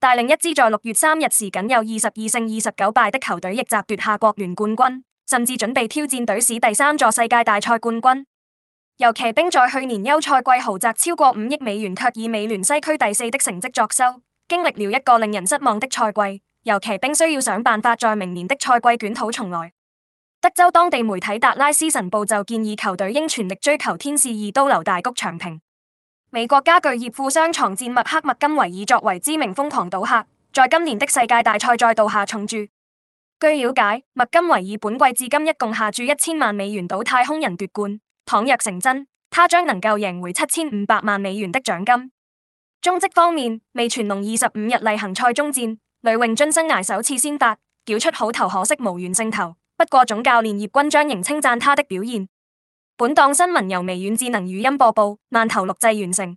大領一支在六月三日時僅有二十二勝二十九敗的球隊，亦摘奪下國聯冠軍，甚至準備挑戰隊史第三座世界大賽冠軍。由騎兵在去年休賽季豪擲超過五億美元，却以美聯西區第四的成績作收，經歷了一個令人失望的賽季。由騎兵需要想辦法在明年的賽季捲土重來。德州當地媒體達拉斯神報就建議球隊應全力追求天使二刀流大谷長平。美國家具業富商，藏戰麥克麥金維爾作為知名瘋狂賭客，在今年的世界大賽再度下重注。據了解，麥金維爾本季至今一共下注一千萬美元賭太空人奪冠，倘若成真，他將能夠贏回七千五百萬美元的獎金。中職方面，味全龍二十五日例行賽終戰，呂泳臻生涯首次先發，繳出好投，可惜無緣勝投。不過總教練葉君璋仍稱讚他的表現。本檔新聞由微軟智能語音播報，萬頭錄製完成。